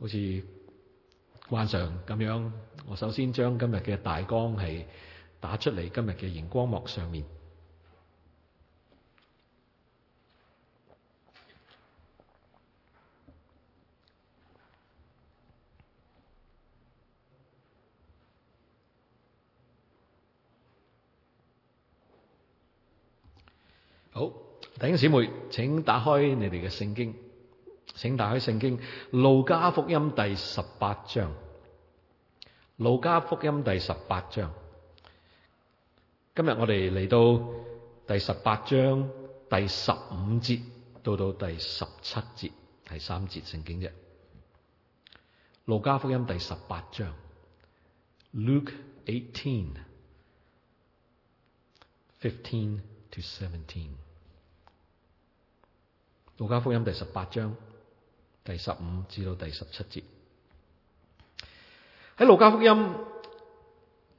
好似慣常咁樣，我首先將今日嘅大綱係打出嚟，今日嘅熒光幕上面。好，弟兄姊妹，請打開你哋嘅聖經。請打開聖經《路加福音》第十八章，《路加福音》第十八章。今日我哋嚟到第十八章第十五節到到第十七節，係三節聖經啫。《路加福音》第十八章，Luke eighteen fifteen to seventeen，《路加福音》第十八章。第十五至到第十七節喺《路加福音》，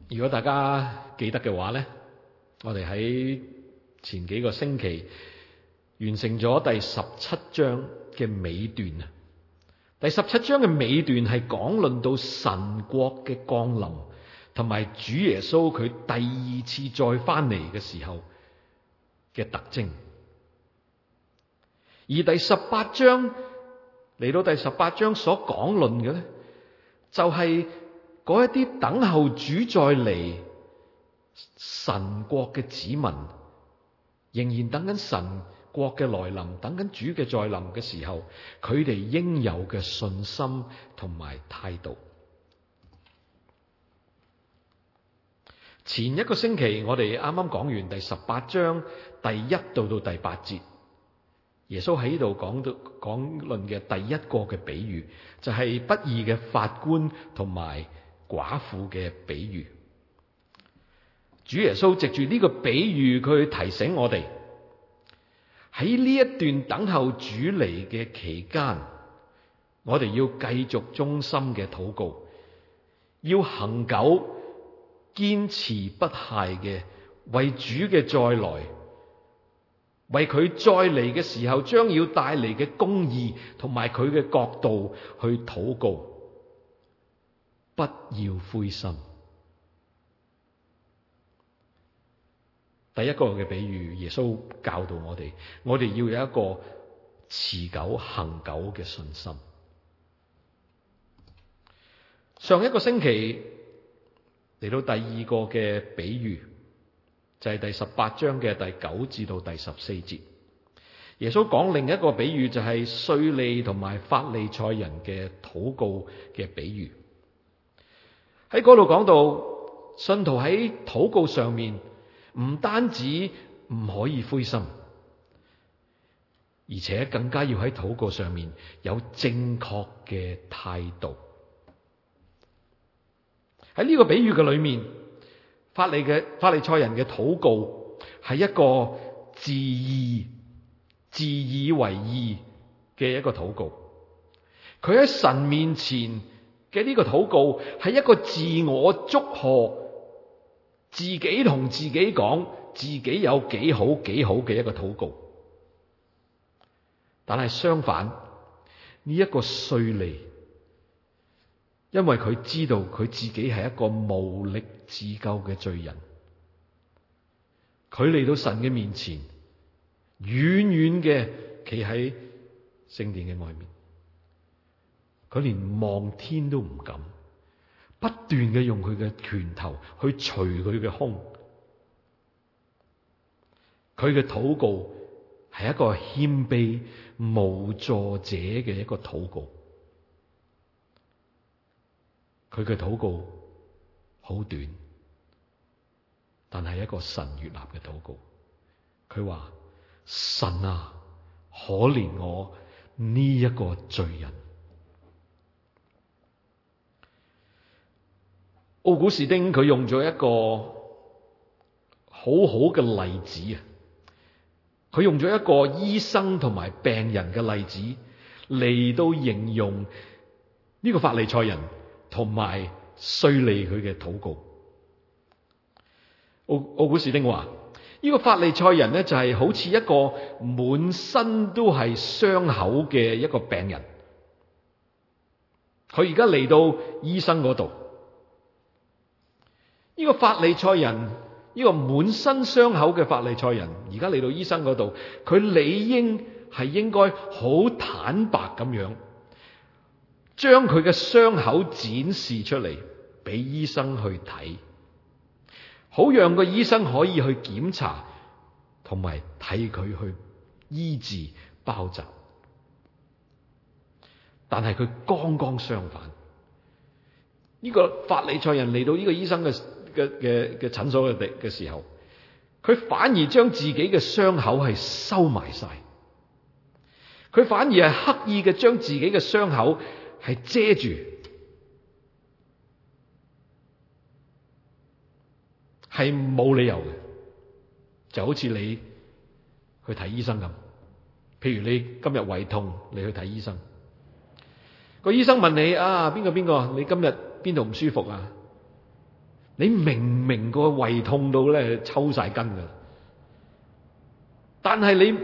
如果大家記得嘅話咧，我哋喺前幾個星期完成咗第十七章嘅尾段啊！第十七章嘅尾段係講論到神國嘅降臨，同埋主耶穌佢第二次再返嚟嘅時候嘅特徵，而第十八章。嚟到第十八章所講論嘅咧，就係嗰一啲等候主再嚟神國嘅子民，仍然等緊神國嘅來臨，等緊主嘅再臨嘅時候，佢哋應有嘅信心同埋態度。前一個星期我哋啱啱講完第十八章第一到到第八節。耶穌喺呢度講到講論嘅第一個嘅比喻，就係不義嘅法官同埋寡婦嘅比喻。主耶穌藉住呢個比喻，佢提醒我哋喺呢一段等候主嚟嘅期間，我哋要繼續忠心嘅禱告，要恆久堅持不懈嘅為主嘅再來。為佢再嚟嘅時候，將要帶嚟嘅公義同埋佢嘅國度去禱告，不要灰心。第一個嘅比喻，耶穌教導我哋，我哋要有一個持久恆久嘅信心。上一個星期嚟到第二個嘅比喻。就係第十八章嘅第九至到第十四節，耶穌講另一個比喻就係稅吏同埋法利賽人嘅禱告嘅比喻。喺嗰度講到，信徒喺禱告上面唔單止唔可以灰心，而且更加要喺禱告上面有正確嘅態度。喺呢個比喻嘅裏面。法利嘅法利賽人嘅禱告係一個自義自以為義嘅一個禱告，佢喺神面前嘅呢個禱告係一個自我祝賀自己，同自己講自己有幾好幾好嘅一個禱告，但係相反呢一個稅吏，因為佢知道佢自己係一個無力自救嘅罪人，佢嚟到神嘅面前，遠遠嘅企喺聖殿嘅外面，佢連望天都唔敢，不斷嘅用佢嘅拳頭去捶佢嘅胸，佢嘅禱告係一個謙卑無助者嘅一個禱告。佢嘅禱告好短，但係一個神悅納嘅禱告。佢話：神啊，可憐我呢一個罪人。奧古斯丁佢用咗一個好好嘅例子啊！佢用咗一個醫生同埋病人嘅例子嚟到形容呢個法利賽人。同埋稅吏佢嘅禱告。奧奧古斯丁話：呢個法利賽人呢，就係好似一個滿身都係傷口嘅一個病人。佢而家嚟到醫生嗰度，呢個法利賽人，呢個滿身傷口嘅法利賽人，而家嚟到醫生嗰度，佢理應係應該好坦白咁樣。將佢嘅傷口展示出嚟俾醫生去睇，好讓個醫生可以去檢查同埋睇佢去醫治包紮。但係佢剛剛相反，呢個法利賽人嚟到呢個醫生嘅嘅嘅診所嘅嘅時候，佢反而將自己嘅傷口係收埋晒，佢反而係刻意嘅將自己嘅傷口。係遮住，係冇理由嘅，就好似你去睇醫生咁。譬如你今日胃痛，你去睇醫生，個醫生問你啊，邊個邊個？你今日邊度唔舒服啊？你明明個胃痛到咧抽晒筋㗎，但係你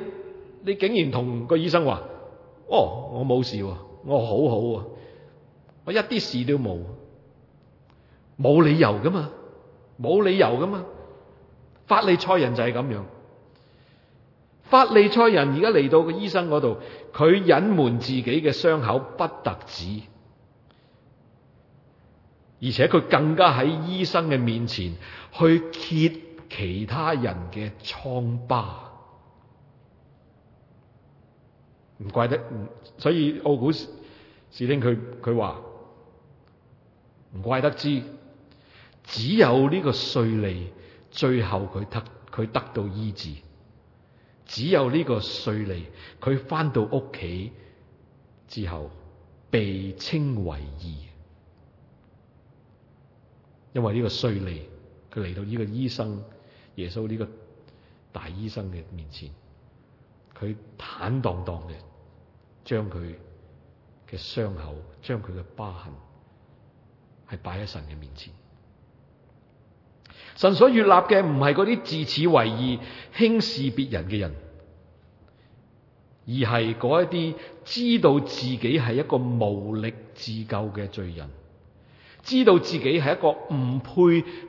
你竟然同個醫生話：哦，我冇事喎。我好好啊，我一啲事都冇，冇理由㗎嘛，冇理由㗎嘛。法利賽人就係咁樣，法利賽人而家嚟到個醫生嗰度，佢隱瞞自己嘅傷口不特止，而且佢更加喺醫生嘅面前去揭其他人嘅瘡疤。唔怪得，所以奧古斯丁佢佢話唔怪得知，只有呢個稅吏最後佢得佢得到醫治，只有呢個稅吏佢返到屋企之後被稱為義，因為呢個稅吏佢嚟到呢個醫生耶穌呢個大醫生嘅面前。佢坦蕩蕩嘅，將佢嘅傷口，將佢嘅疤痕，係擺喺神嘅面前。神所悅立嘅唔係嗰啲自此為意輕視別人嘅人，而係嗰一啲知道自己係一個無力自救嘅罪人，知道自己係一個唔配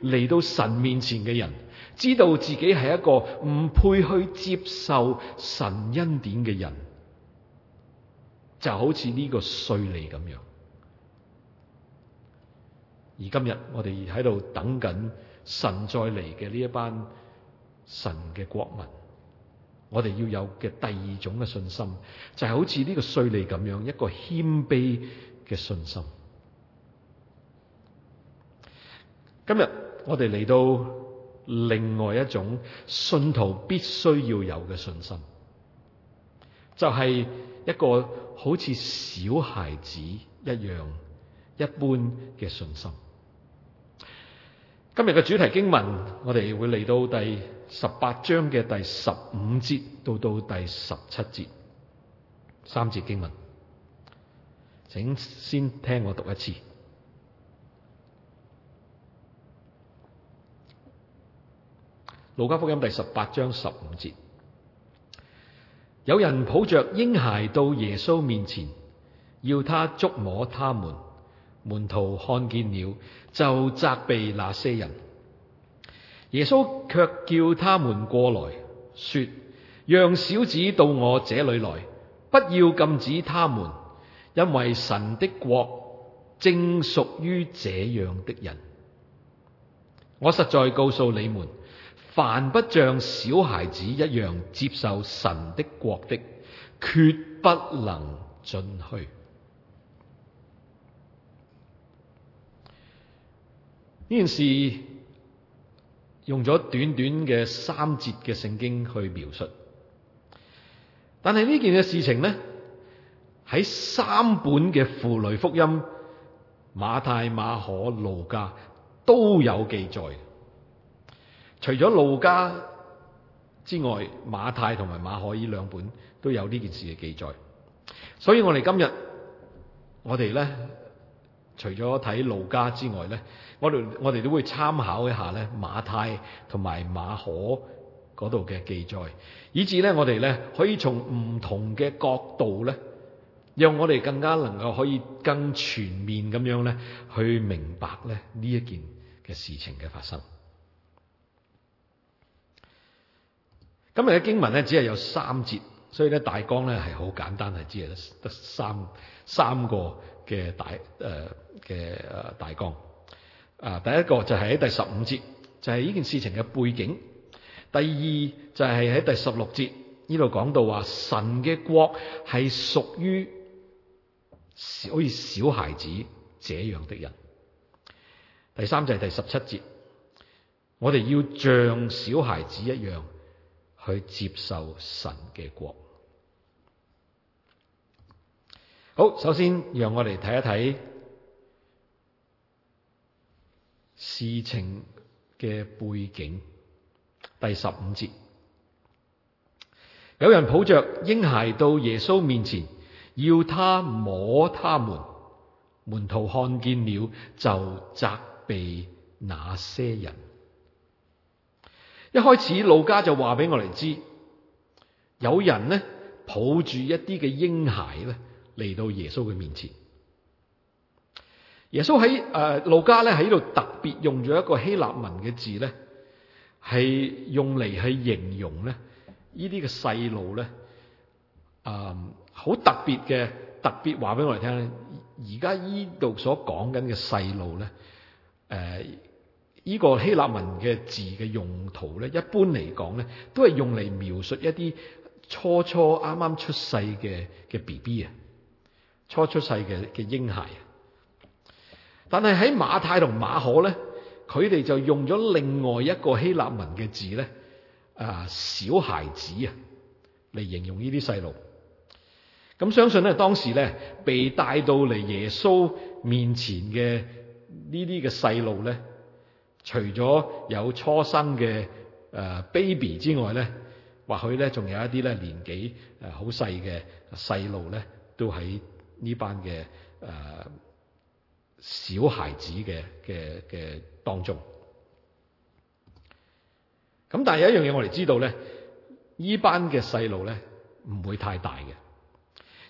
嚟到神面前嘅人。知道自己係一個唔配去接受神恩典嘅人，就是、好似呢個稅吏咁樣。而今日我哋喺度等緊神再嚟嘅呢一班神嘅國民，我哋要有嘅第二種嘅信心，就係、是、好似呢個稅吏咁樣一個謙卑嘅信心。今日我哋嚟到。另外一種信徒必須要有嘅信心，就係一個好似小孩子一樣一般嘅信心。今日嘅主題經文，我哋會嚟到第十八章嘅第十五節到到第十七節，三節經文，請先聽我讀一次。路加福音第十八章十五節，有人抱着嬰孩到耶穌面前，要他觸摸他們。門徒看見了，就責備那些人。耶穌卻叫他們過來說：讓小子到我這裏來，不要禁止他們，因為神的國正屬於這樣的人。我實在告訴你們。凡不像小孩子一樣接受神的國的，決不能進去。呢件事用咗短短嘅三節嘅聖經去描述，但係呢件嘅事情咧，喺三本嘅符類福音——馬太、馬可、路加都有記載。除咗《路加》之外，《馬太》同埋《馬可》呢兩本都有呢件事嘅記載，所以我哋今日我哋咧，除咗睇《路加》之外咧，我哋我哋都會參考一下咧《馬太》同埋《馬可》嗰度嘅記載，以至咧我哋咧可以從唔同嘅角度咧，讓我哋更加能夠可以更全面咁樣咧去明白咧呢一件嘅事情嘅發生。今日嘅經文咧，只係有三節，所以咧大綱咧係好簡單，係只係得三三個嘅大誒嘅誒大綱。啊、呃，第一個就係喺第十五節，就係、是、呢件事情嘅背景；第二就係喺第十六節，呢度講到話神嘅國係屬於好似小孩子這樣的人；第三就係第十七節，我哋要像小孩子一樣。去接受神嘅國。好，首先讓我哋睇一睇事情嘅背景，第十五節。有人抱着嬰孩到耶穌面前，要他摸他們。門徒看見了，就責備那些人。一開始路加就話俾我哋知，有人咧抱住一啲嘅嬰孩咧嚟到耶穌嘅面前。耶穌喺誒路加咧喺度特別用咗一個希臘文嘅字咧，係用嚟去形容咧呢啲嘅細路咧，誒、呃、好特別嘅特別話俾我哋聽咧。而家呢度所講緊嘅細路咧，誒、呃。呢個希臘文嘅字嘅用途咧，一般嚟講咧，都係用嚟描述一啲初初啱啱出世嘅嘅 B B 啊，初出世嘅嘅嬰孩啊。但係喺馬太同馬可咧，佢哋就用咗另外一個希臘文嘅字咧，啊，小孩子啊，嚟形容呢啲細路。咁相信咧，當時咧被帶到嚟耶穌面前嘅呢啲嘅細路咧。除咗有初生嘅誒 baby 之外咧，或許咧仲有一啲咧年紀誒好細嘅細路咧，都喺呢班嘅誒、呃、小孩子嘅嘅嘅當中。咁但係有一樣嘢我哋知道咧，班呢班嘅細路咧唔會太大嘅，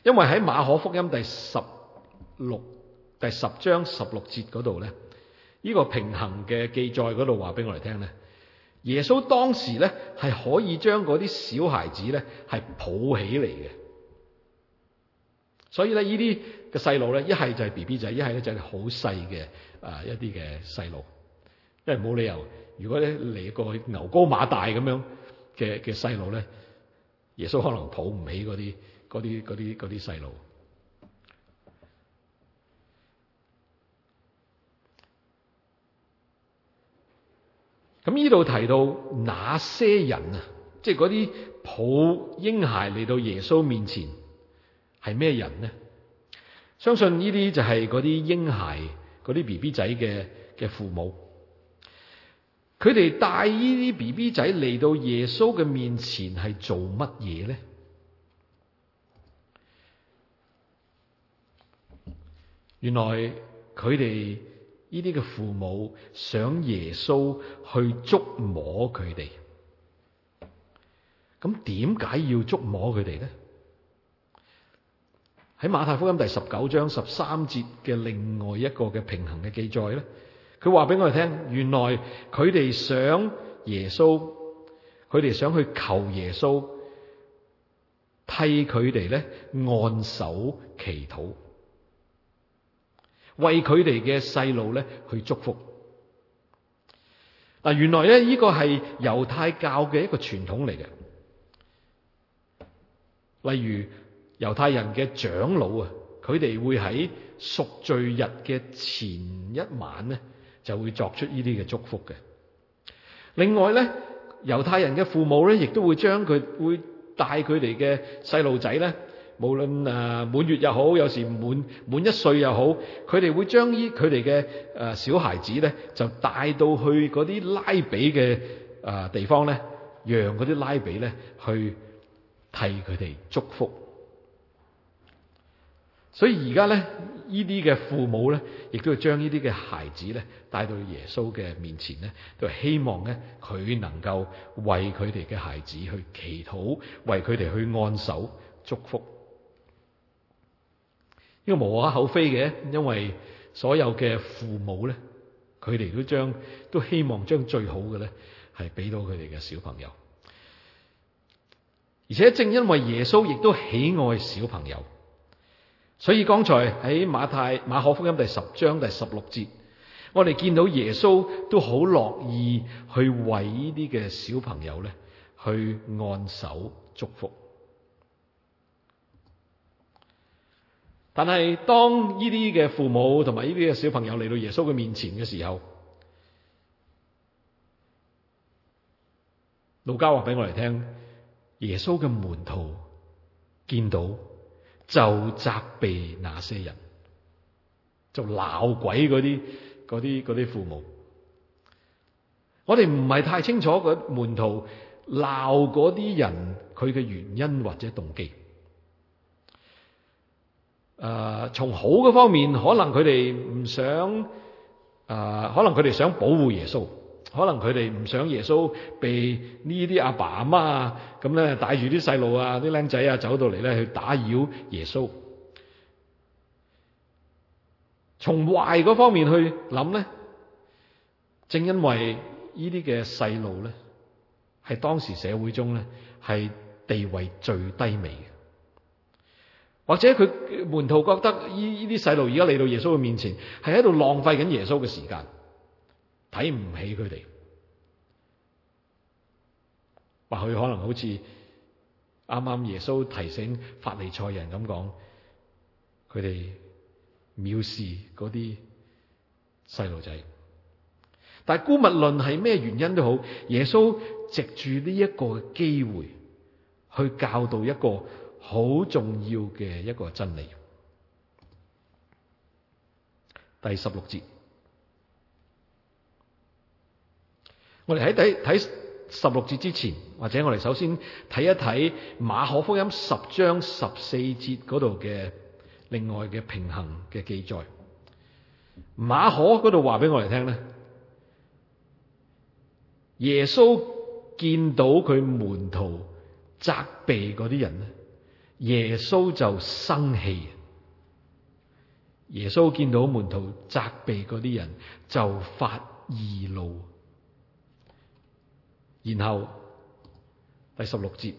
因為喺馬可福音第十六第十章十六節度咧。呢個平衡嘅記載度話俾我哋聽咧，耶穌當時咧係可以將啲小孩子咧係抱起嚟嘅，所以咧呢啲嘅細路咧一係就係 B B 仔，一係咧就係好細嘅啊一啲嘅細路，因為冇理由，如果咧嚟過牛高馬大咁樣嘅嘅細路咧，耶穌可能抱唔起嗰啲嗰啲嗰啲嗰啲細路。咁呢度提到哪些人啊？即係嗰啲抱嬰孩嚟到耶穌面前係咩人呢？相信呢啲就係嗰啲嬰孩、嗰啲 BB 仔嘅嘅父母，佢哋帶呢啲 BB 仔嚟到耶穌嘅面前係做乜嘢呢？原來佢哋。呢啲嘅父母想耶穌去觸摸佢哋，咁點解要觸摸佢哋呢？喺馬太福音第十九章十三節嘅另外一個嘅平衡嘅記載呢，佢話俾我哋聽，原來佢哋想耶穌，佢哋想去求耶穌替佢哋咧按手祈禱。為佢哋嘅細路咧去祝福。嗱，原來咧呢個係猶太教嘅一個傳統嚟嘅。例如猶太人嘅長老啊，佢哋會喺贖罪日嘅前一晚咧，就會作出呢啲嘅祝福嘅。另外咧，猶太人嘅父母咧，亦都會將佢會帶佢哋嘅細路仔咧。無論啊滿月又好，有時滿滿一歲又好，佢哋會將依佢哋嘅誒小孩子咧，就帶到去嗰啲拉比嘅誒地方咧，讓嗰啲拉比咧去替佢哋祝福。所以而家咧，呢啲嘅父母咧，亦都要將呢啲嘅孩子咧，帶到耶穌嘅面前咧，都希望咧佢能夠為佢哋嘅孩子去祈禱，為佢哋去按手祝福。因為呢個無可厚非嘅，因為所有嘅父母咧，佢哋都將都希望將最好嘅咧，係俾到佢哋嘅小朋友。而且正因為耶穌亦都喜愛小朋友，所以剛才喺馬太馬可福音第十章第十六節，我哋見到耶穌都好樂意去為呢啲嘅小朋友咧，去按手祝福。但係當呢啲嘅父母同埋呢啲嘅小朋友嚟到耶穌嘅面前嘅時候，路加話俾我哋聽，耶穌嘅門徒見到就責備那些人，就鬧鬼嗰啲嗰啲嗰啲父母。我哋唔係太清楚個門徒鬧嗰啲人佢嘅原因或者動機。誒、呃，從好嗰方面，可能佢哋唔想，誒、呃，可能佢哋想保護耶穌，可能佢哋唔想耶穌被呢啲阿爸阿媽啊，咁咧帶住啲細路啊、啲僆仔啊走到嚟咧去打擾耶穌。從壞方面去諗咧，正因為呢啲嘅細路咧，係當時社會中咧係地位最低微嘅。或者佢門徒覺得依呢啲細路而家嚟到耶穌嘅面前，係喺度浪費緊耶穌嘅時間，睇唔起佢哋。或許可能好似啱啱耶穌提醒法利賽人咁講，佢哋藐視嗰啲細路仔。但係姑勿論係咩原因都好，耶穌藉住呢一個機會去教導一個。好重要嘅一個真理。第十六節，我哋喺睇睇十六節之前，或者我哋首先睇一睇馬可福音十章十四節度嘅另外嘅平衡嘅記載。馬可度話俾我哋聽咧，耶穌見到佢門徒責備啲人咧，耶穌就生氣，耶穌見到門徒責備嗰啲人，就發義怒。然後第十六節，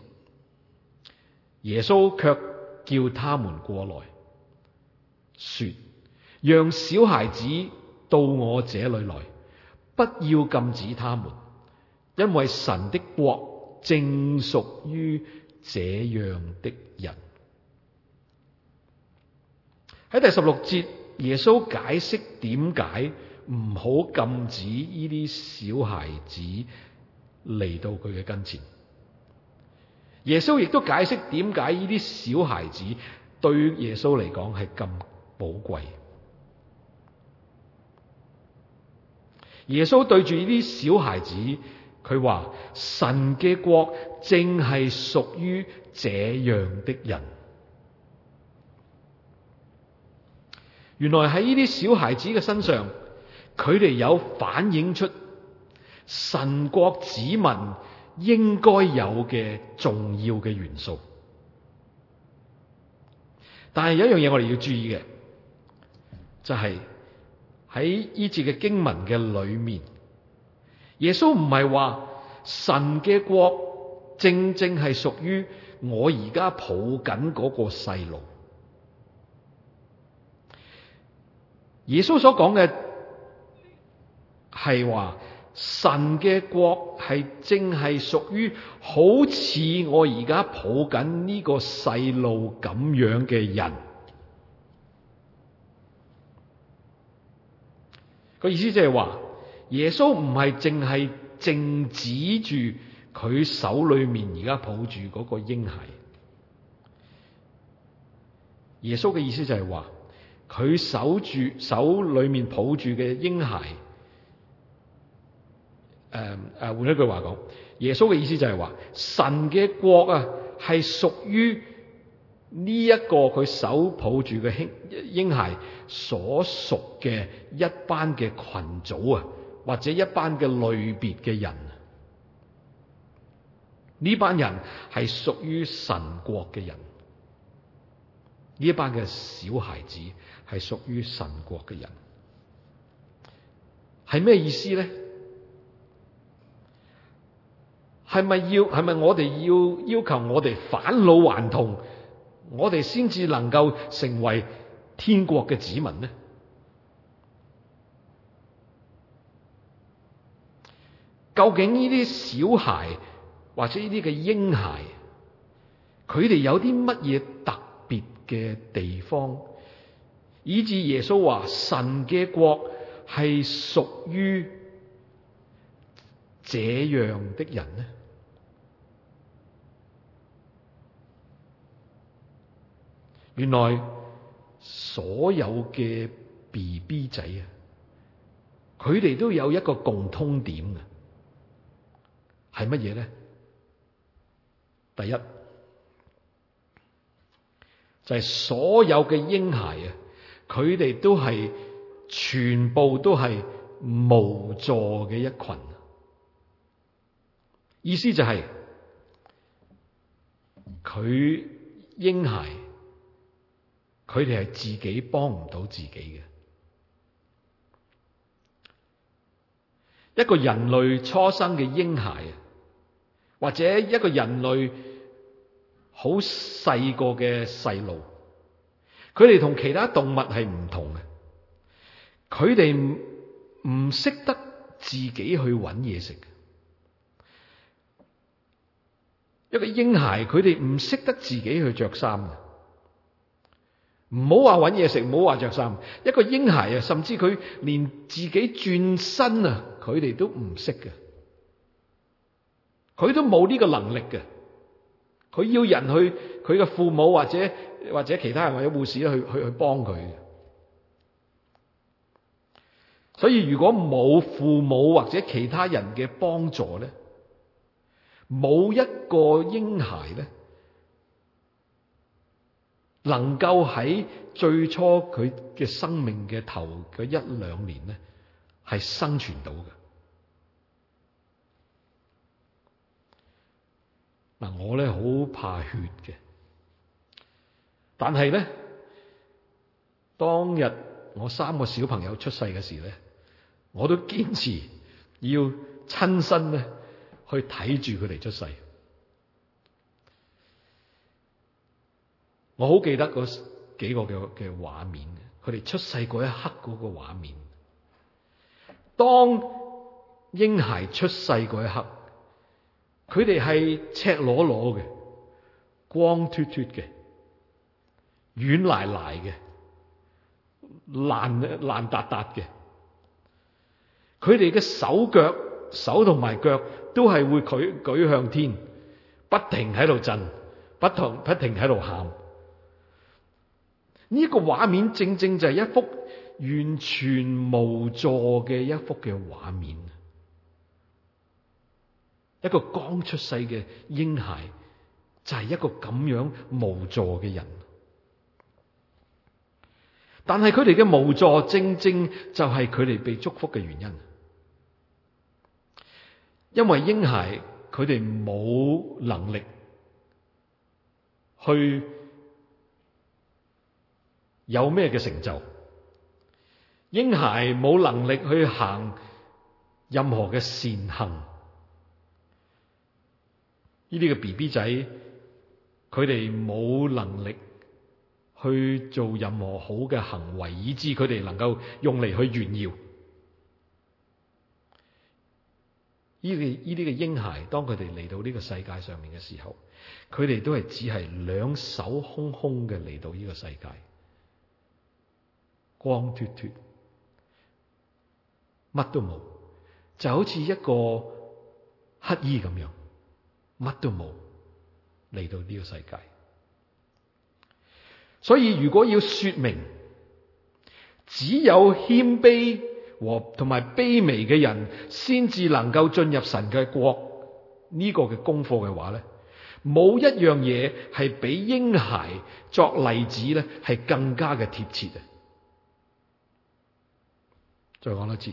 耶穌卻叫他們過來，說：讓小孩子到我這裏來，不要禁止他們，因為神的國正屬於這樣的。喺第十六節，耶穌解釋點解唔好禁止呢啲小孩子嚟到佢嘅跟前。耶穌亦都解釋點解呢啲小孩子對耶穌嚟講係咁寶貴。耶穌對住呢啲小孩子，佢話神嘅國正係屬於這樣的人。原來喺呢啲小孩子嘅身上，佢哋有反映出神國子民應該有嘅重要嘅元素。但係有一樣嘢我哋要注意嘅，就係喺呢節嘅經文嘅裏面，耶穌唔係話神嘅國正正係屬於我而家抱緊嗰個細路。耶穌所講嘅係話，神嘅國係正係屬於好似我而家抱緊呢個細路咁樣嘅人。個意思即係話，耶穌唔係淨係靜指住佢手裏面而家抱住嗰個嬰孩。耶穌嘅意思就係話。佢守住手裏面抱住嘅嬰孩，誒、呃、誒，換一句話講，耶穌嘅意思就係話，神嘅國啊，係屬於呢一個佢手抱住嘅嬰嬰孩所屬嘅一班嘅群組啊，或者一班嘅類別嘅人，呢班人係屬於神國嘅人。呢一班嘅小孩子係屬於神國嘅人，係咩意思咧？係咪要？係咪我哋要要求我哋返老還童，我哋先至能夠成為天國嘅子民呢？究竟呢啲小孩或者呢啲嘅嬰孩，佢哋有啲乜嘢特嘅地方，以至耶穌話神嘅國係屬於這樣的人呢？原來所有嘅 B B 仔啊，佢哋都有一個共通點嘅，係乜嘢咧？第一。就係所有嘅嬰孩啊，佢哋都係全部都係無助嘅一群，意思就係佢嬰孩，佢哋係自己幫唔到自己嘅，一個人類初生嘅嬰孩啊，或者一個人類，好細個嘅細路，佢哋同其他動物係唔同嘅。佢哋唔識得自己去揾嘢食。一個嬰孩，佢哋唔識得自己去着衫嘅。唔好話揾嘢食，唔好話着衫。一個嬰孩啊，甚至佢連自己轉身啊，佢哋都唔識嘅。佢都冇呢個能力嘅。佢要人去，佢嘅父母或者或者其他人或者護士去去去幫佢。所以如果冇父母或者其他人嘅幫助咧，冇一個嬰孩咧，能夠喺最初佢嘅生命嘅頭嘅一兩年咧，係生存到嘅。嗱，我咧好怕血嘅，但係咧當日我三個小朋友出世嘅時咧，我都堅持要親身咧去睇住佢哋出世。我好記得嗰幾個嘅嘅畫面，佢哋出世嗰一刻嗰個畫面，當嬰孩出世嗰一刻。佢哋係赤裸裸嘅，光脫脫嘅，軟賴賴嘅，爛爛達達嘅。佢哋嘅手腳手同埋腳都係會舉舉向天，不停喺度震，不停不停喺度喊。呢、這個畫面正正就係一幅完全無助嘅一幅嘅畫面。一個剛出世嘅嬰孩，就係一個咁樣無助嘅人。但係佢哋嘅無助，正正就係佢哋被祝福嘅原因。因為嬰孩佢哋冇能力去有咩嘅成就，嬰孩冇能力去行任何嘅善行。呢啲嘅 B B 仔，佢哋冇能力去做任何好嘅行為，以致佢哋能夠用嚟去炫耀。呢啲呢啲嘅嬰孩，當佢哋嚟到呢個世界上面嘅時候，佢哋都係只係兩手空空嘅嚟到呢個世界，光脫脫，乜都冇，就好似一個乞衣咁樣。乜都冇，嚟到呢個世界，所以如果要說明只有謙卑和同埋卑微嘅人先至能夠進入神嘅國呢個嘅功課嘅話咧，冇一樣嘢係比嬰孩作例子咧係更加嘅貼切嘅。再講多次，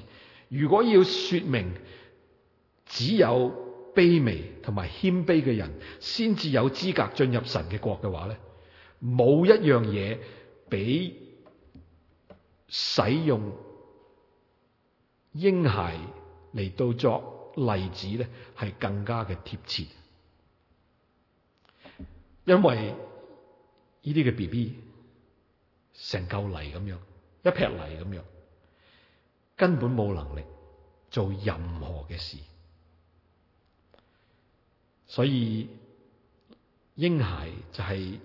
如果要說明只有。卑微同埋謙卑嘅人，先至有資格進入神嘅國嘅話咧，冇一樣嘢俾使用嬰孩嚟到作例子咧，係更加嘅貼切。因為呢啲嘅 BB 成嚿泥咁樣，一劈泥咁樣，根本冇能力做任何嘅事。所以嬰孩就係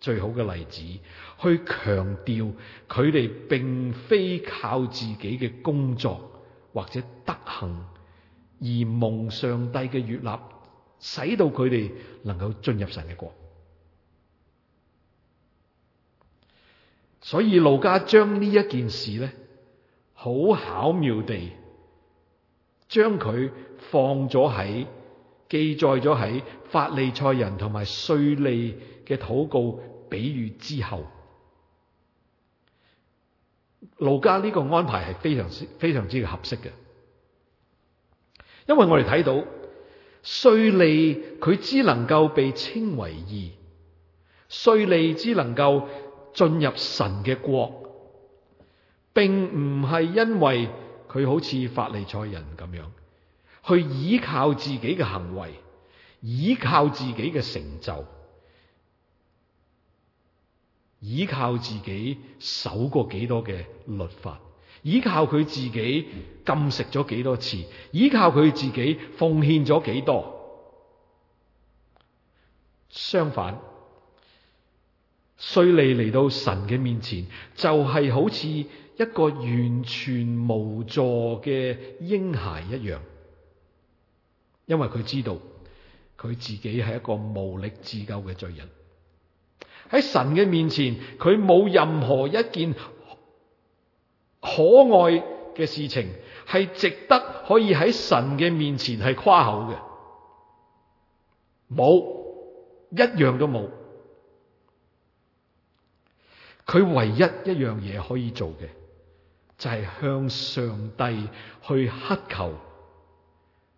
最好嘅例子，去強調佢哋並非靠自己嘅工作或者德行而蒙上帝嘅悅納，使到佢哋能夠進入神嘅國。所以路加將呢一件事呢，好巧妙地將佢放咗喺。記載咗喺法利賽人同埋稅吏嘅禱告比喻之後，路加呢個安排係非常之非常之合適嘅，因為我哋睇到稅吏佢只能夠被稱為義，稅吏只能夠進入神嘅國，並唔係因為佢好似法利賽人咁樣。去依靠自己嘅行為，依靠自己嘅成就，依靠自己守過幾多嘅律法，依靠佢自己禁食咗幾多次，依靠佢自己奉獻咗幾多。相反，稅吏嚟到神嘅面前，就係、是、好似一個完全無助嘅嬰孩一樣。因為佢知道佢自己係一個無力自救嘅罪人，喺神嘅面前佢冇任何一件可愛嘅事情係值得可以喺神嘅面前係誇口嘅，冇，一樣都冇。佢唯一一樣嘢可以做嘅就係向上帝去乞求。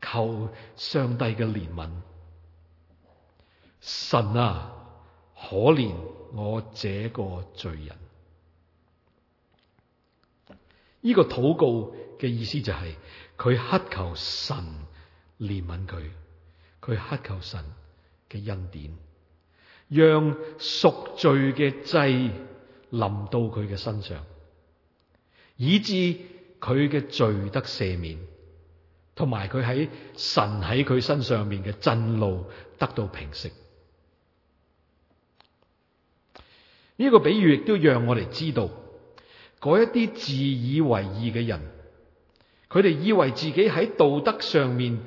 求上帝嘅憐憫，神啊，可憐我這個罪人。呢、這個禱告嘅意思就係、是、佢乞求神憐憫佢，佢乞求神嘅恩典，讓贖罪嘅祭臨到佢嘅身上，以致佢嘅罪得赦免。同埋佢喺神喺佢身上面嘅震怒得到平息。呢、這個比喻亦都讓我哋知道，嗰一啲自以為義嘅人，佢哋以為自己喺道德上面，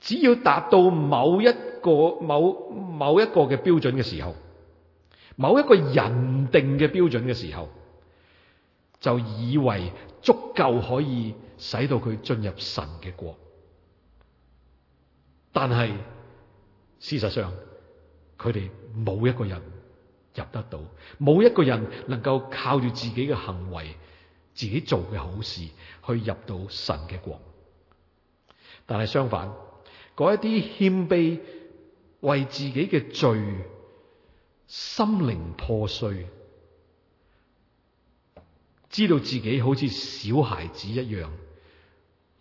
只要達到某一個、某某一個嘅標準嘅時候，某一個人定嘅標準嘅時候，就以為足夠可以。使到佢進入神嘅國，但係事實上，佢哋冇一個人入得到，冇一個人能夠靠住自己嘅行為、自己做嘅好事去入到神嘅國。但係相反，嗰一啲謙卑為自己嘅罪，心靈破碎，知道自己好似小孩子一樣。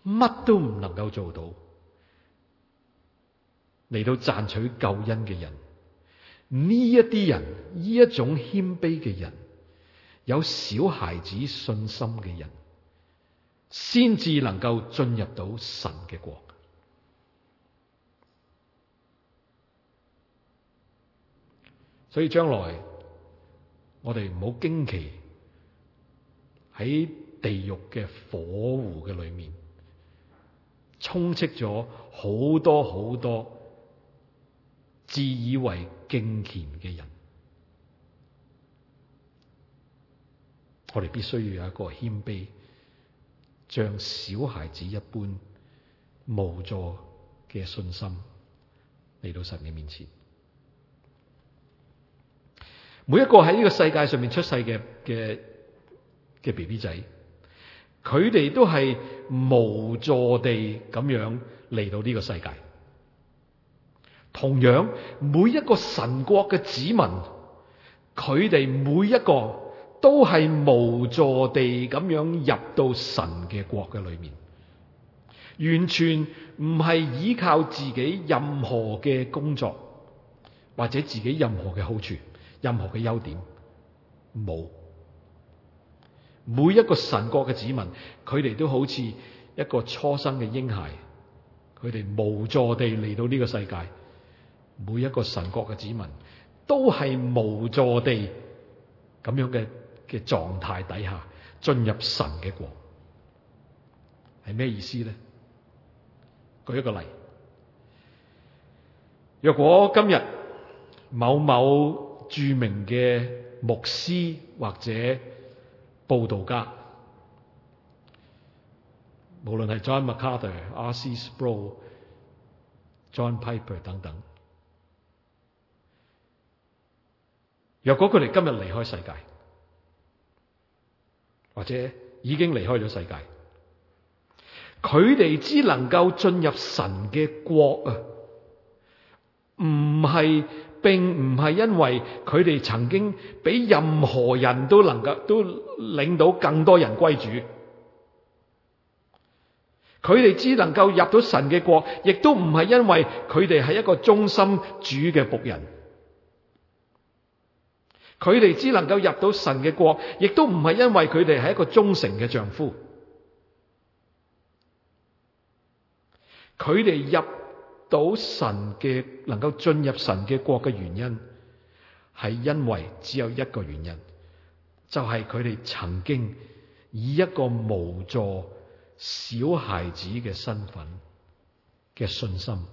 乜都唔能夠做到，嚟到賺取救恩嘅人，呢一啲人，呢一種謙卑嘅人，有小孩子信心嘅人，先至能夠進入到神嘅國。所以將來我哋唔好驚奇喺地獄嘅火湖嘅裏面。充斥咗好多好多自以為敬虔嘅人，我哋必須要有一個謙卑，像小孩子一般無助嘅信心，嚟到神嘅面前。每一個喺呢個世界上面出世嘅嘅嘅 BB 仔。佢哋都係無助地咁樣嚟到呢個世界，同樣每一個神國嘅子民，佢哋每一個都係無助地咁樣入到神嘅國嘅裏面，完全唔係依靠自己任何嘅工作或者自己任何嘅好處、任何嘅優點，冇。每一個神國嘅子民，佢哋都好似一個初生嘅嬰孩，佢哋無助地嚟到呢個世界。每一個神國嘅子民都係無助地咁樣嘅嘅狀態底下進入神嘅國，係咩意思咧？舉一個例，若果今日某某著名嘅牧師或者，報道家，無論係 John MacArthur、R.C. Sproul、John Piper 等等，若果佢哋今日離開世界，或者已經離開咗世界，佢哋只能夠進入神嘅國啊，唔係。並唔係因為佢哋曾經比任何人都能夠都領到更多人歸主，佢哋只能夠入到神嘅國，亦都唔係因為佢哋係一個忠心主嘅僕人，佢哋只能夠入到神嘅國，亦都唔係因為佢哋係一個忠誠嘅丈夫，佢哋入。到神嘅能夠進入神嘅國嘅原因，係因為只有一個原因，就係佢哋曾經以一個無助小孩子嘅身份嘅信心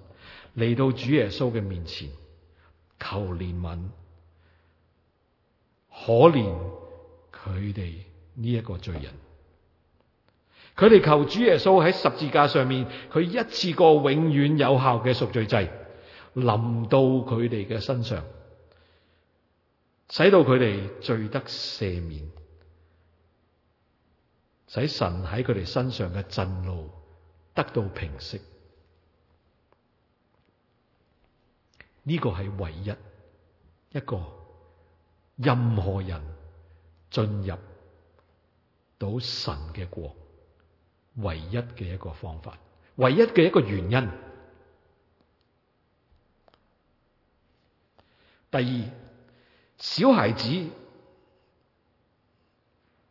嚟到主耶穌嘅面前求憐憫，可憐佢哋呢一個罪人。佢哋求主耶穌喺十字架上面，佢一次過永遠有效嘅贖罪祭臨到佢哋嘅身上，使到佢哋罪得赦免，使神喺佢哋身上嘅震怒得到平息。呢、這個係唯一一個任何人進入到神嘅國，唯一嘅一個方法，唯一嘅一個原因。第二，小孩子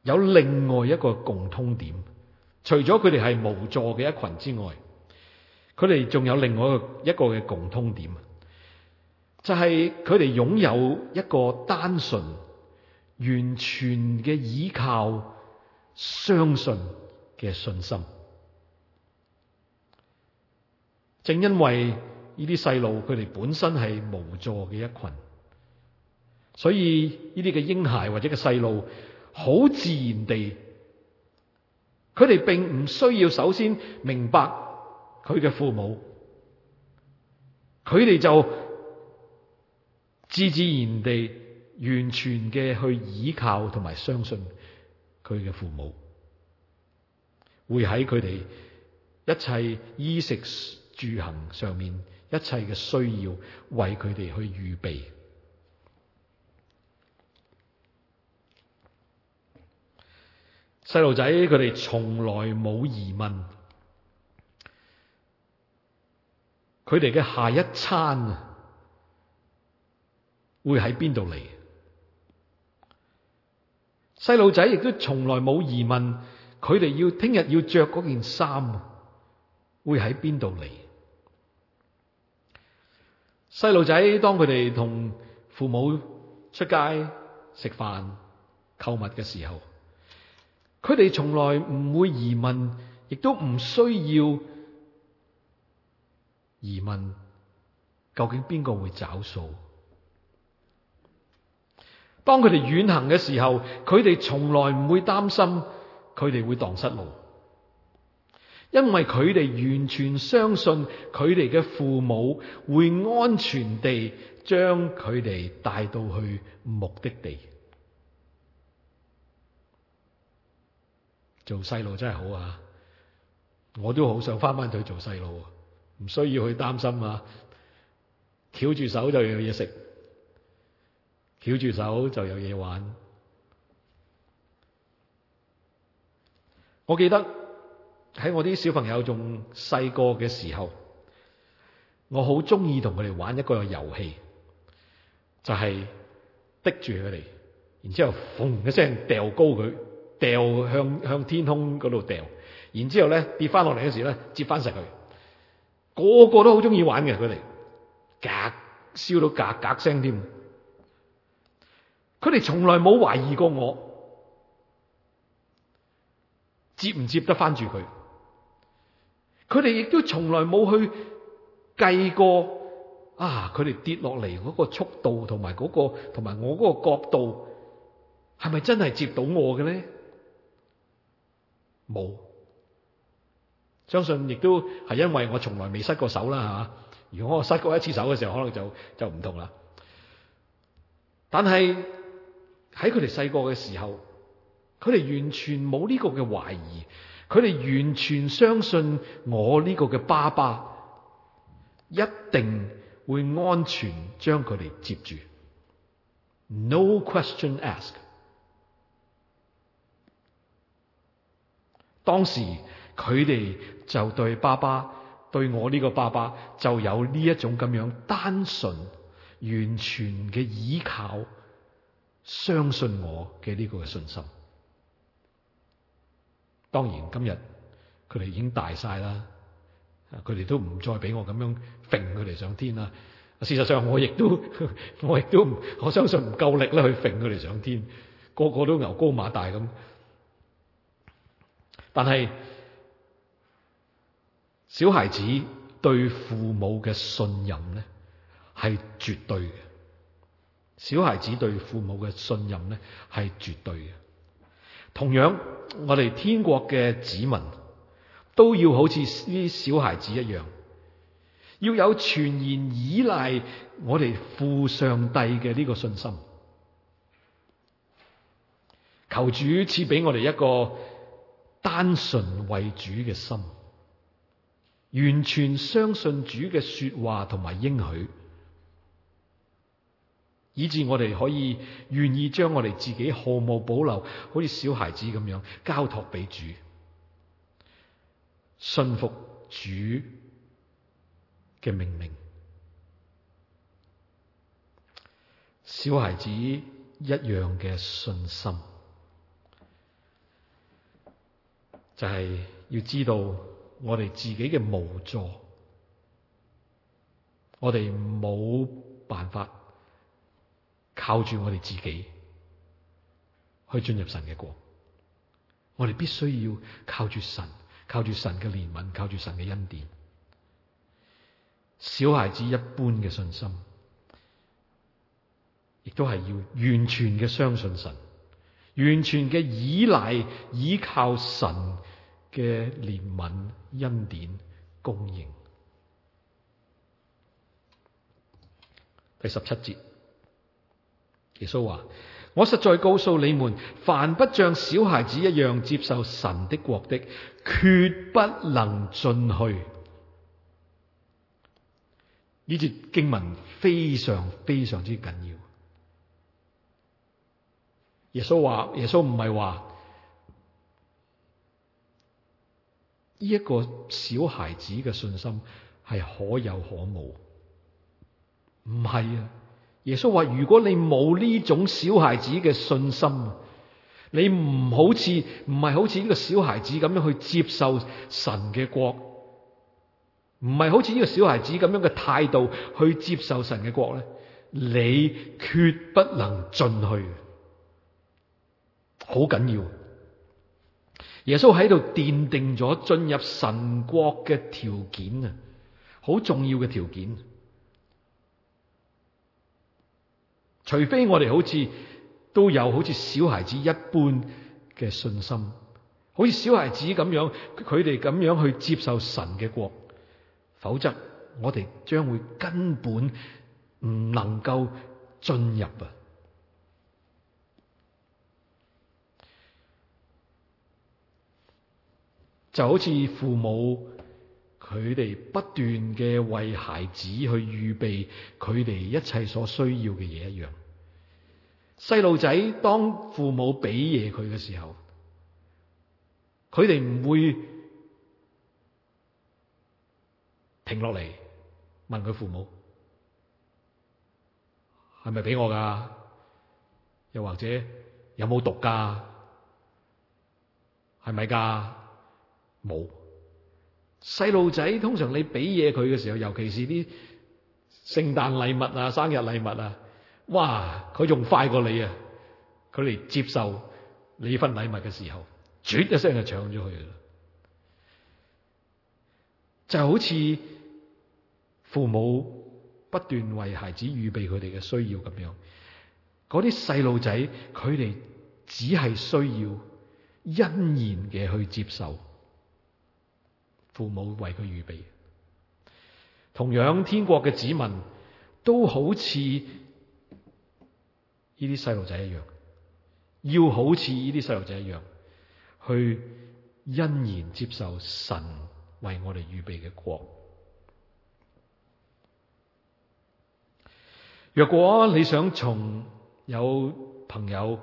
有另外一個共通點，除咗佢哋係無助嘅一群之外，佢哋仲有另外一個一個嘅共通點，就係佢哋擁有一個單純、完全嘅依靠、相信嘅信心，正因為呢啲細路佢哋本身係無助嘅一群，所以呢啲嘅嬰孩或者嘅細路，好自然地，佢哋並唔需要首先明白佢嘅父母，佢哋就自自然地完全嘅去倚靠同埋相信佢嘅父母。會喺佢哋一切衣食住行上面，一切嘅需要，為佢哋去預備。細路仔佢哋從來冇疑問，佢哋嘅下一餐啊會喺邊度嚟？細路仔亦都從來冇疑問。佢哋要聽日要着嗰件衫，會喺邊度嚟？細路仔當佢哋同父母出街食飯、購物嘅時候，佢哋從來唔會疑問，亦都唔需要疑問，究竟邊個會找數？當佢哋遠行嘅時候，佢哋從來唔會擔心。佢哋會蕩失路，因為佢哋完全相信佢哋嘅父母會安全地將佢哋帶到去目的地。做細路真係好啊！我都好想翻翻去做細路，啊，唔需要去擔心啊！翹住手就有嘢食，翹住手就有嘢玩。我記得喺我啲小朋友仲細個嘅時候，我好中意同佢哋玩一個遊戲，就係逼住佢哋，然之後砰一聲掉高佢，掉向向天空嗰度掉，然之後咧跌翻落嚟嘅時咧接翻實佢，個個都好中意玩嘅，佢哋，格燒到格格聲添，佢哋從來冇懷疑過我。接唔接得翻住佢？佢哋亦都從來冇去計過啊！佢哋跌落嚟嗰個速度，同埋嗰個，同埋我嗰個角度，係咪真係接到我嘅咧？冇，相信亦都係因為我從來未失過手啦，吓、啊！如果我失過一次手嘅時候，可能就就唔同啦。但係喺佢哋細個嘅時候。佢哋完全冇呢個嘅懷疑，佢哋完全相信我呢個嘅爸爸一定會安全將佢哋接住。No question asked。當時佢哋就對爸爸，對我呢個爸爸，就有呢一種咁樣單純、完全嘅依靠、相信我嘅呢個嘅信心。當然，今日佢哋已經大晒啦，佢哋都唔再俾我咁樣揈佢哋上天啦。事實上我，我亦都我亦都唔我相信唔夠力咧去揈佢哋上天，個個都牛高馬大咁。但係小孩子對父母嘅信任咧係絕對嘅，小孩子對父母嘅信任咧係絕對嘅。同樣，我哋天國嘅子民都要好似啲小孩子一樣，要有全然依賴我哋父上帝嘅呢個信心，求主賜俾我哋一個單純為主嘅心，完全相信主嘅說話同埋應許。以至我哋可以願意將我哋自己毫無保留，好似小孩子咁樣交託俾主，信服主嘅命令，小孩子一樣嘅信心，就係要知道我哋自己嘅無助，我哋冇辦法。靠住我哋自己去進入神嘅國，我哋必須要靠住神，靠住神嘅憐憫，靠住神嘅恩典。小孩子一般嘅信心，亦都係要完全嘅相信神，完全嘅依賴、依靠神嘅憐憫、恩典供應。第十七節。耶穌話：我實在告訴你們，凡不像小孩子一樣接受神的國的，決不能進去。呢節經文非常非常之緊要。耶穌話：耶穌唔係話呢一個小孩子嘅信心係可有可無，唔係啊。耶穌話：如果你冇呢種小孩子嘅信心，你唔好似唔係好似呢個小孩子咁樣去接受神嘅國，唔係好似呢個小孩子咁樣嘅態度去接受神嘅國咧，你決不能進去。好緊要，耶穌喺度奠定咗進入神國嘅條件啊，好重要嘅條件。除非我哋好似都有好似小孩子一般嘅信心，好似小孩子咁樣，佢哋咁樣去接受神嘅國，否則我哋將會根本唔能夠進入啊，就好似父母。佢哋不斷嘅為孩子去預備佢哋一切所需要嘅嘢一樣。細路仔，當父母俾嘢佢嘅時候，佢哋唔會停落嚟問佢父母：係咪俾我㗎？又或者有冇毒㗎？係咪㗎？冇。細路仔通常你俾嘢佢嘅時候，尤其是啲聖誕禮物啊、生日禮物啊，哇！佢仲快過你啊，佢嚟接受你份禮物嘅時候，啜一聲就搶咗去啦。就好似父母不斷為孩子預備佢哋嘅需要咁樣，嗰啲細路仔佢哋只係需要欣然嘅去接受。父母為佢預備，同樣，天國嘅子民都好似呢啲細路仔一樣，要好似呢啲細路仔一樣，去欣然接受神為我哋預備嘅國。若果你想從有朋友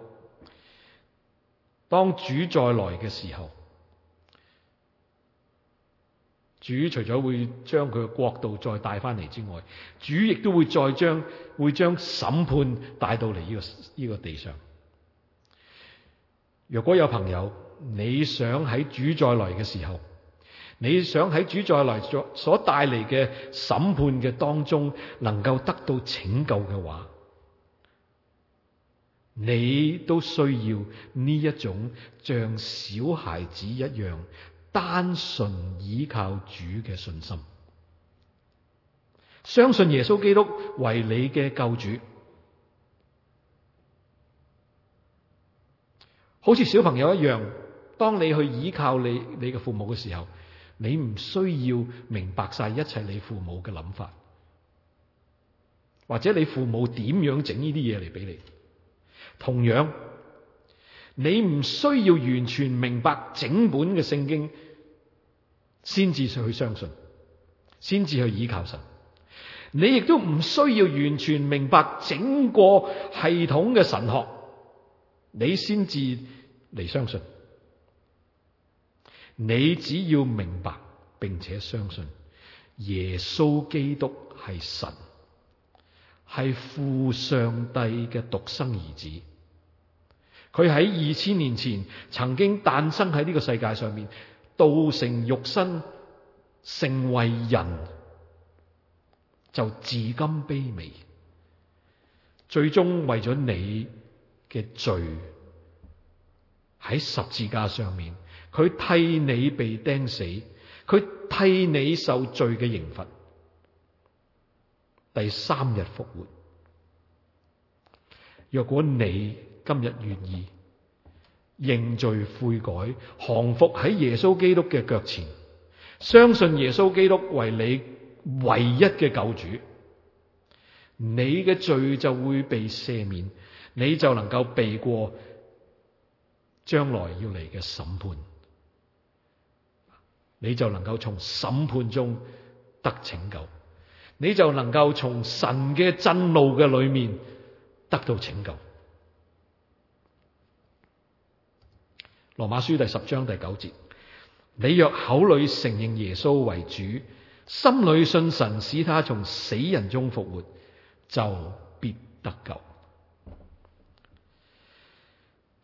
當主再來嘅時候。主除咗會將佢嘅國度再帶翻嚟之外，主亦都會再將會將審判帶到嚟呢個呢個地上。若果有朋友你想喺主再來嘅時候，你想喺主再來所帶嚟嘅審判嘅當中能夠得到拯救嘅話，你都需要呢一種像小孩子一樣。單純依靠主嘅信心，相信耶穌基督為你嘅救主，好似小朋友一樣，當你去依靠你你嘅父母嘅時候，你唔需要明白晒一切你父母嘅諗法，或者你父母點樣整呢啲嘢，嚟俾你，同樣。你唔需要完全明白整本嘅聖經，先至去相信，先至去倚靠神。你亦都唔需要完全明白整個系統嘅神學，你先至嚟相信。你只要明白並且相信耶穌基督係神，係父上帝嘅獨生兒子。佢喺二千年前曾經誕生喺呢個世界上面，道成肉身，成為人，就自甘卑微。最終為咗你嘅罪，喺十字架上面，佢替你被釘死，佢替你受罪嘅刑罰，第三日復活。若果你今日願意認罪悔改，降服喺耶穌基督嘅腳前，相信耶穌基督為你唯一嘅救主，你嘅罪就會被赦免，你就能夠避過將來要嚟嘅審判，你就能夠從審判中得拯救，你就能夠從神嘅震怒嘅裏面得到拯救。羅馬書第十章第九節：你若口裡承認耶穌為主，心裡信神使他從死人中復活，就必得救。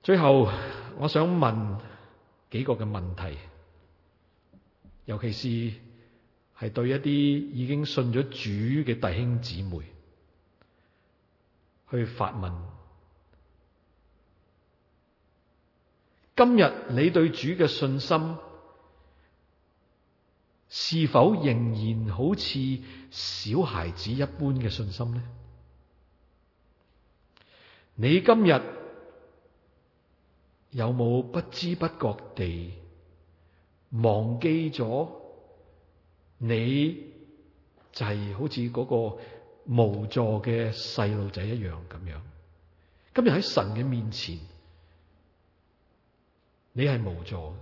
最後，我想問幾個嘅問題，尤其是係對一啲已經信咗主嘅弟兄姊妹去發問。今日你對主嘅信心是否仍然好似小孩子一般嘅信心呢？你今日有冇不知不覺地忘記咗你就係好似嗰個無助嘅細路仔一樣咁樣？今日喺神嘅面前。你係無助，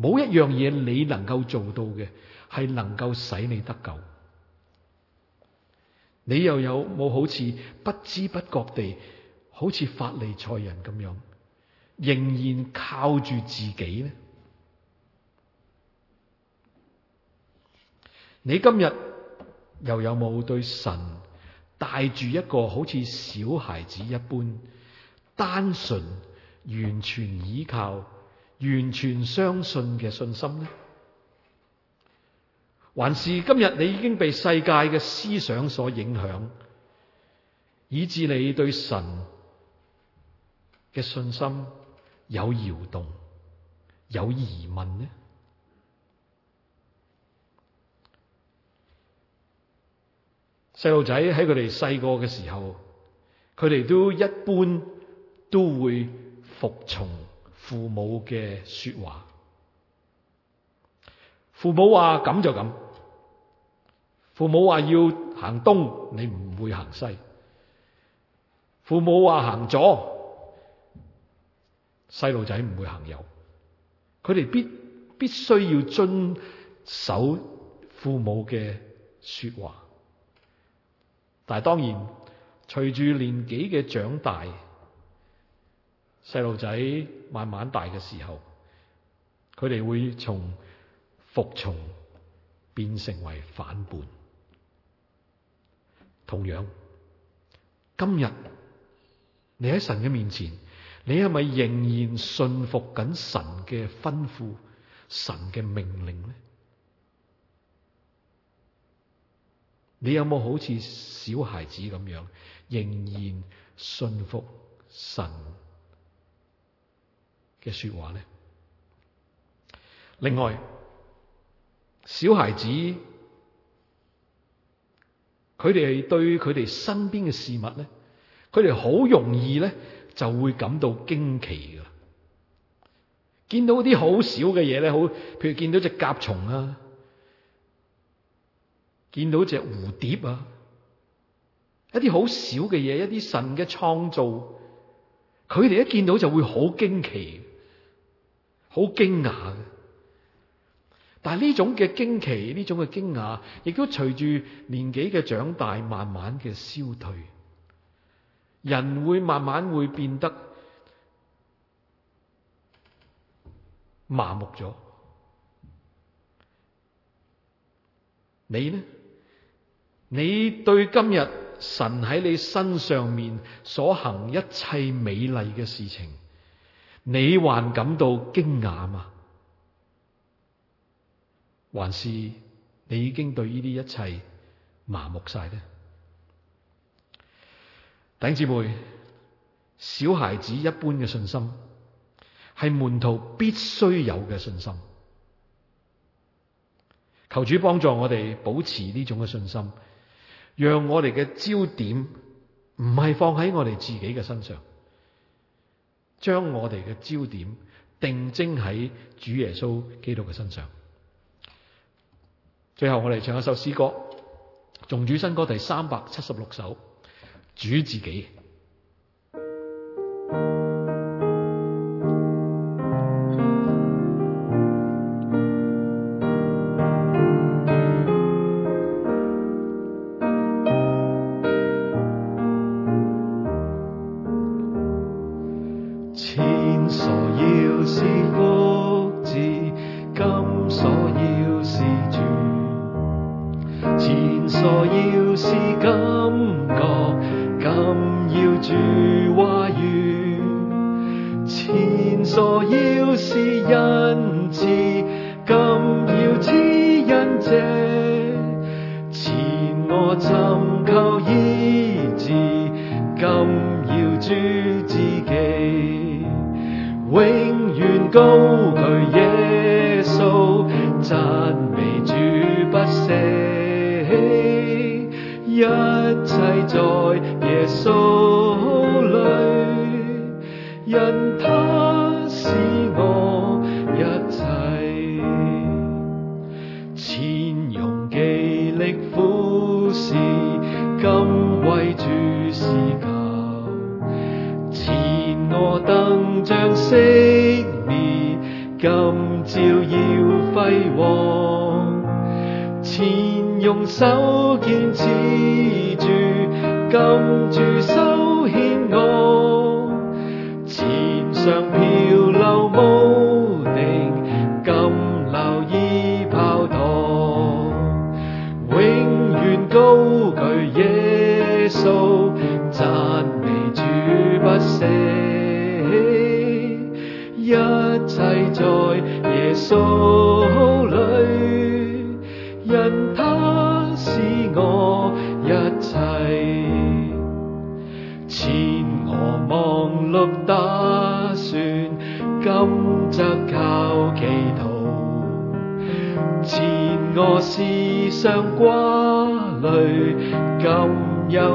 冇一樣嘢你能夠做到嘅，係能夠使你得救。你又有冇好似不知不覺地，好似法利賽人咁樣，仍然靠住自己呢？你今日又有冇對神帶住一個好似小孩子一般單純、完全依靠？完全相信嘅信心呢？還是今日你已經被世界嘅思想所影響，以致你對神嘅信心有搖動、有疑問呢？細路仔喺佢哋細個嘅時候，佢哋都一般都會服從。父母嘅說話，父母話咁就咁，父母話要行東，你唔會行西，父母話行左，細路仔唔會行右。佢哋必必須要遵守父母嘅說話，但係當然隨住年紀嘅長大。細路仔慢慢大嘅時候，佢哋會從服從變成為反叛。同樣，今日你喺神嘅面前，你係咪仍然信服緊神嘅吩咐、神嘅命令呢？你有冇好似小孩子咁樣仍然信服神？嘅說話咧，另外小孩子佢哋係對佢哋身邊嘅事物咧，佢哋好容易咧就會感到驚奇噶。見到啲好少嘅嘢咧，好譬如見到隻甲蟲啊，見到隻蝴蝶啊，一啲好少嘅嘢，一啲神嘅創造，佢哋一見到就會好驚奇。好驚訝嘅，但係呢種嘅驚奇，呢種嘅驚訝，亦都隨住年紀嘅長大，慢慢嘅消退，人會慢慢會變得麻木咗。你呢？你對今日神喺你身上面所行一切美麗嘅事情，你還感到驚訝嗎？還是你已經對呢啲一切麻木晒呢？弟兄姊妹，小孩子一般嘅信心係門徒必須有嘅信心。求主幫助我哋保持呢種嘅信心，讓我哋嘅焦點唔係放喺我哋自己嘅身上。將我哋嘅焦點定睛喺主耶穌基督嘅身上。最後我哋唱一首詩歌，《頌主新歌》第三百七十六首，《主自己》。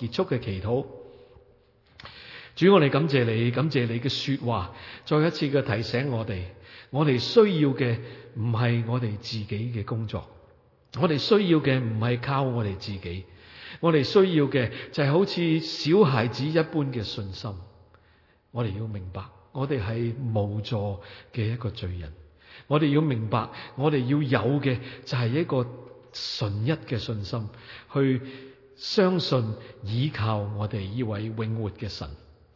結束嘅祈禱，主我哋感謝你，感謝你嘅說話，再一次嘅提醒我哋，我哋需要嘅唔係我哋自己嘅工作，我哋需要嘅唔係靠我哋自己，我哋需要嘅就係好似小孩子一般嘅信心。我哋要明白，我哋係無助嘅一個罪人。我哋要明白，我哋要有嘅就係一個純一嘅信心去。相信倚靠我哋呢位永活嘅神，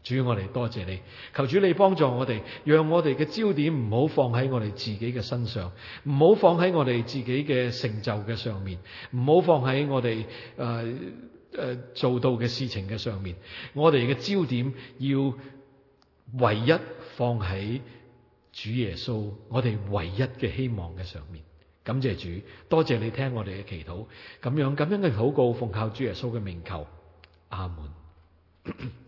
主我哋多謝你，求主你幫助我哋，讓我哋嘅焦點唔好放喺我哋自己嘅身上，唔好放喺我哋自己嘅成就嘅上面，唔好放喺我哋誒誒做到嘅事情嘅上面，我哋嘅焦點要唯一放喺主耶穌，我哋唯一嘅希望嘅上面。感謝主，多謝你聽我哋嘅祈禱，咁樣咁樣嘅禱告，奉靠主耶穌嘅名求，阿門。